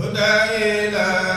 huda ila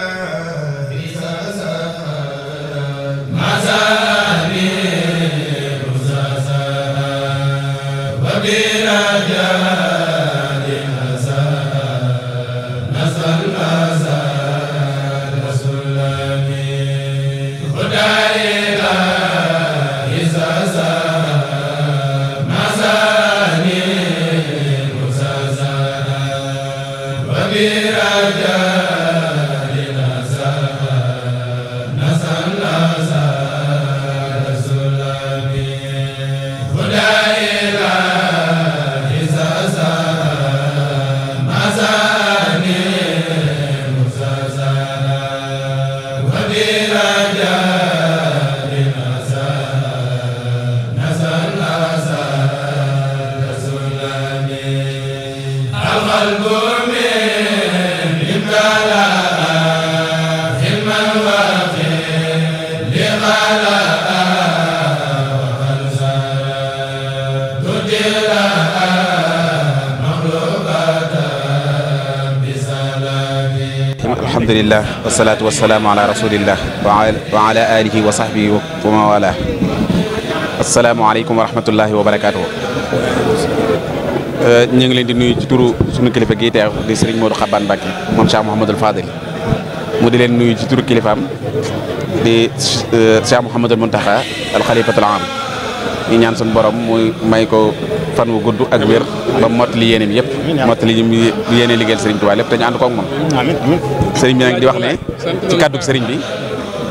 alhamdulilah wasalaatu wasalaamu wa ala wa sahbihi wa mawala asalaamualeykum wa rahmatullahi wa barakaatuhu euh, ñu ngi leen di nuyu ci turu sunu kilifa gi teew di sëriñ Modou Xaban Mbacke moom Cheikh Mouhamadul Fadil mu di leen nuyu ci turu kilifaam di euh, Cheikh Mouhamadul Muntaxa al xalifatul ñu ñaan suñu borom muy may ko fan wu gudd ak wér ba mottali yéeneem yëpp mottali ñu yéene liggéeyal sëriñ Tuubaa lépp te ñu ànd koog moom sëriñ bi nag di wax ne ci kàddug sëriñ bi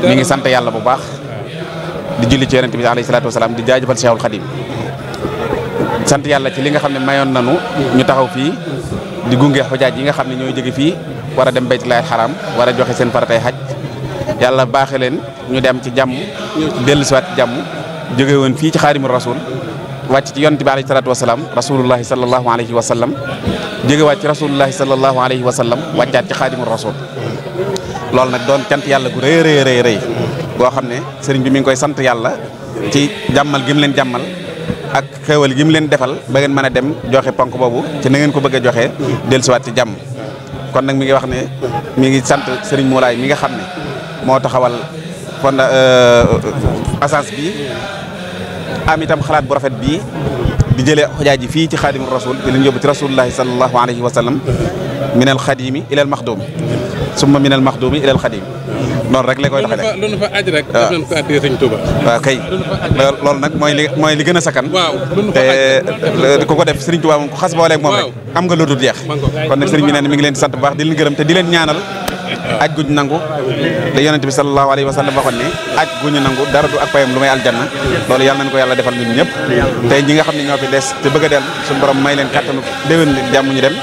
mi ngi sant yàlla bu baax di julli ci yonent bi alayhi salaatu wasalaam di jaajëfal Cheikhul Khadim sant yàlla ci li nga xam ne mayoon nanu ñu taxaw fii di gunge xujaaj yi nga xam ne ñooy jóge fii war a dem baytu laay xaram war joxe seen faratay xaj yàlla baaxe leen ñu dem ci jàmm dellusiwaat ci jàmm jóge woon fii ci xaadimu rasul wàcc ci yonent bi alayhi salaatu wasalaam rasulullahi sallallahu alayhi wa sallam jóge wàcc ci rasulullahi sallallahu alayhi wa sallam wàccaat ci xaadimu rasul loolu nag doon cant yàlla gu rëy rëy rëy rëy goo xam ne sëriñ bi mi ngi koy sant yàlla ci jàmmal gi mu leen jàmmal ak xéewal gi mu leen defal ba ngeen mën a dem joxe ponk boobu ci na ngeen ko bëgg a joxe dellusiwaat ci jàmm kon nag mi ngi wax ne mi ngi sant sëriñ Moulay mi nga xam ne moo taxawal kon euh, assance bi am itam xalaat bu rafet bii di jële xojaa ji fii ci xaadimu rasul di leen yóbbu ci rasulullahi salallahu alayhi wa sallam min al xadimi ila al maxdumi summa min al maxdumi ila al xadimi noonu rek la koy doxalee rek ah. def nañ ko addee sëñ ah, loolu nag mooy li mooy li gën a sakkan te ku ko def sëriñ Touba moom ko xas booleeg moom rek am nga lu dul jeex kon nag sëriñ bi nee na mi ngi leen sant bu baax di leen gërëm te di leen ñaanal aj guñ nangu la yonent bi sallallahu alayhi wa sallam waxoon ne aj guñu nangu dara du ak payam lu may aljanna loolu yàlla nañ ko yàlla defal ñun ñëpp tey ñi nga xam ne ñoo fi des te bëgg a dellu suñu borom may leen kattanu déwén li jàmm ñu dem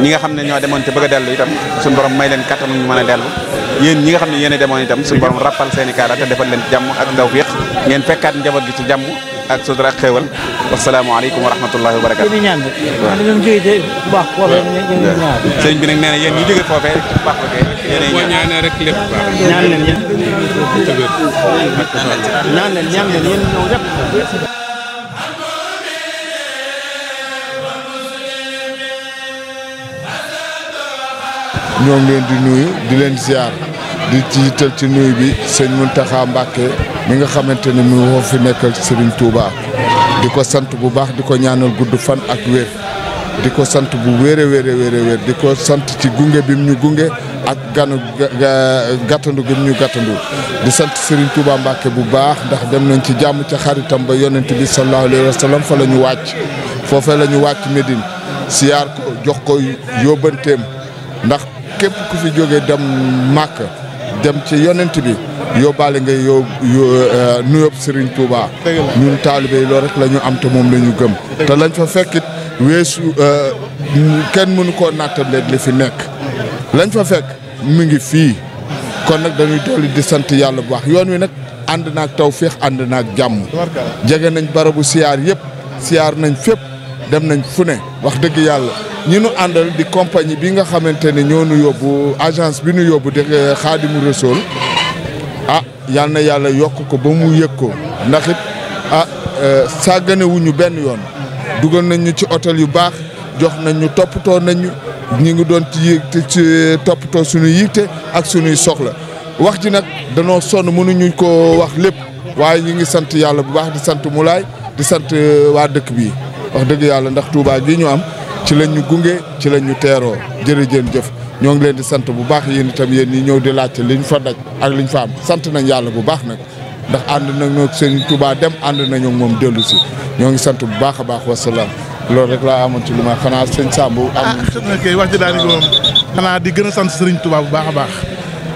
ñi nga xam ne ñoo demoon te bëgg a dellu itam suñu borom may leen kattanu ñu mën a dellu yéen ñi nga xam ne yéen demoon itam suñu borom rappal seen i kaara defal leen jàmm ak tawfiq ngeen fekkaat njaboot gi ci jàmm ak sutura ak bi na yéen ñi jóge foofee baax ko ñaane leen ñaan leen leen yéen ñëw rek ñoo leen di nuyu di leen ziar di jiital ci nuyu bi sëñ Mountakha Mbacké mi nga xamante ni mu woo fi nekkal Serigne Touba di ko sant bu baax di ko ñaanal gudd fan ak wér di ko sant bu wéere wéere wéere di ko sant ci gunge bi mu ñu gunge ak ganu gàttandu gi mu ñu gàttandu di sant Serigne Touba Mbacké bu baax ndax dem nañ ci jàmm ci xaritam ba yonent bi sallallahu alayhi wa fa la ñu wàcc foofee lañu ñu wàcc Médine siyaar ko jox ko yóbbanteem ndax képp ku fi jóge dem màkk dem ci yonent bi yóbbaale nga yow eh, nuyób Serigne Touba ñun taalibe loolu rek lañu am te moom la ñu gëm te lañ fa fekkit weesu eh, kenn mënu koo nattaleet li fi nekk lañ fa fekk mu ngi fii kon nag dañuy dolli di sant yàlla bu baax yoon wi nag ànd taw feex ànd ak jàmm jege nañ barabu siyaar yëpp siyaar nañ fépp dem nañ fu ne wax dëgg yàlla ñi nu àndal di compagnie bi nga xamante ne ñoo nu yóbbu agence bi nu yóbbu di Xaadimu eh, Rasuul ah yal na yàlla yokk ko ba mu yëg ko ndaxit it ah eh, sàggane wu benn yoon dugal nañ ci hôtel yu baax jox nañ ñu toppatoo nañu ñu ngi doon ci ci eh, toppatoo suñu yitte ak suñuy soxla wax ji nag danoo sonn mënuñu ko wax lépp waaye ñu ngi sant yàlla bu baax di sant Moulay di sant waa dëkk bi wax dëgg yàlla ndax Touba gi ñu am. ci lañ ñu gunge ci lañ ñu teeroo jërëjëf jëf ñoo ngi leen di sant bu baax yéen itam yéen ñi ñëw di laajte liñ fa daj ak liñ fa am sant nañ yàlla bu baax nag ndax ànd nañoo ak Serigne Touba dem ànd nañu moom dellu si ñoo ngi sant bu baax a baax wasalaam loolu rek laa amoon ci lu ma xanaa sëñ Samb. am na ah, kay wax ji daal di moom xanaa di gën a sant Serigne Touba bu baax a baax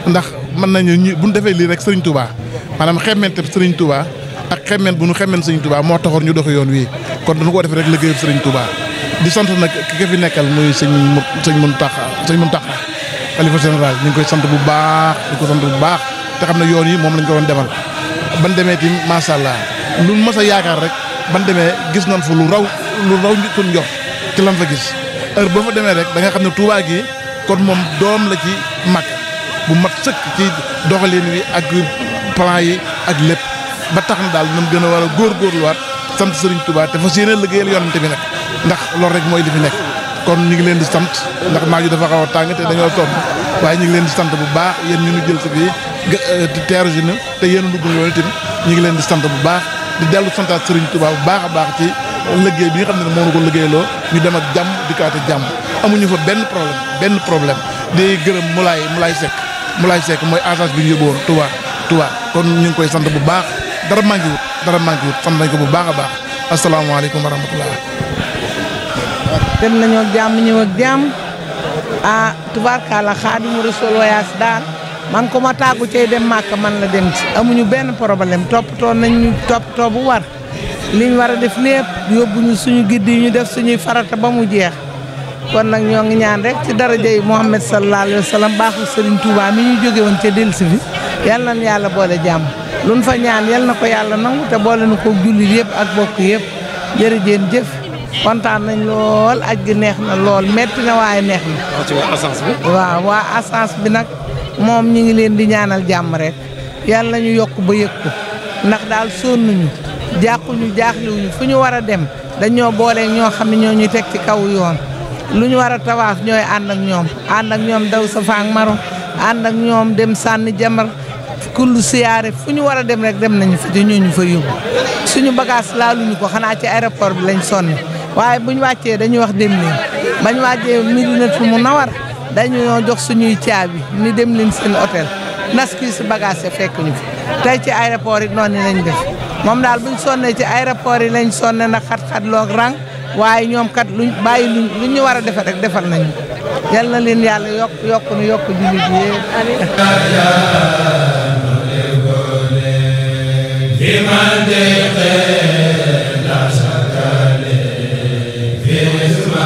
ndax mën nañu ñu bu ñu defee lii rek Serigne tubaa maanaam xemmeente Serigne Touba ak xemmeent bu ñu xemmeent Serigne Touba moo taxoon ñu dox yoon wi kon dañu ko defee rek liggéeyub Serigne Touba di sant nag ki fi nekkal muy sëñ sëñ Mountakha sëñ Mountakha xalifa général ñu ngi koy sant bu baax di ko sant bu baax te xam ne yoon yi moom lañ ko doon demal ban demee tim macha allah lu mas a yaakaar rek ban demee gis nañ fa lu raw lu raw suñ jox ci lan fa gis heure boo fa demee rek da nga xam ne Touba gi kon moom doom la ci mag bu mat sëkk ci doxalin wi ak plan yi ak lépp ba tax na daal nañ gën a war a góorgóorluwaat sant Serigne Touba te fas yéene liggéeyal yonante bi nag ndax loolu rek mooy li fi nekk kon ñu ngi leen di sant ndax naaju dafa xaw a tàng te dañoo toll waaye ñu ngi leen di sant bu baax yéen ñu ngi jël si fii euh, teeru si na te yéen a dugg loolu tamit ngi leen di sant bu baax di dellu santaat Serigne Touba bu baax a baax ci liggéey bi xam ne moo ñu ko liggéeyloo ñu dem ak jàmm dikkaate jàmm amuñu fa benn problème benn problème di gërëm Moulay Moulay Seck Moulay Seck mooy agence bi ñu yóbbu woon Touba kon ñu ngi koy sant bu baax dara manqué wut dara manqué wut nañ ko bu baax a baax asalaamaaleykum wa rahmatulah. nañoo ak jàmm ñëw ak jàmm ah tubaarkàlla xaadimu rasul wayaas daal man ko ma tàggu cay dem màkk man la dem ci amuñu benn problème toppatoo nañ ñu toppatoo bu war liñ war a def lépp suñu giddi yi ñu def suñuy farata ba mu jeex kon nag ñoo ngi ñaan rek ci daraja yi Muhammad sallallahu alayhi wa sallam baaxu Serigne Touba mi ñu jóge woon ca dellusi bi yal nañu yàlla boole jàmm. luñ fa ñaan yal na ko yàlla nangu te boole na ko jullit yëpp ak bokk yëpp jërëjeen jëf kontaan nañ lool aj gineex na lool metti na waaye neex na. waaw waa assance bi nag moom ñi ngi leen di ñaanal jàmm rek yàlla ñu yokk ba yëg ko ndax daal sonnuñu jàquñu jaaxliwuñu fu ñu war a dem dañoo boole ñoo xam ne ñoo ñuy teg ci kaw yoon lu ñu war a tawaaf ñooy ànd ak ñoom àndak ak ñoom daw sa faang maru ñoom dem sànni jamar kullu siyaare fu ñu war a dem rek dem nañu fa te ñooñu fa yóbbu suñu bagage laaluñu ko xanaa ci aéroport bi lañ sonn waaye bu ñu wàccee dañuy wax dem leen bañ wàccee Medinatul Munawwar dañoo jox suñuy caabi ni dem leen seen hôtel naski si bagage yi fekk ñu fi tey ci aéroport yi noonu lañ def moom daal buñ sonnee ci aéroport yi lañ sonne na xat-xat loog rang waaye ñoom kat luñ bàyyi luñ lu ñu war a defal rek defal nañu yal na leen yàlla yokk yokk nu yokk jullit bi ma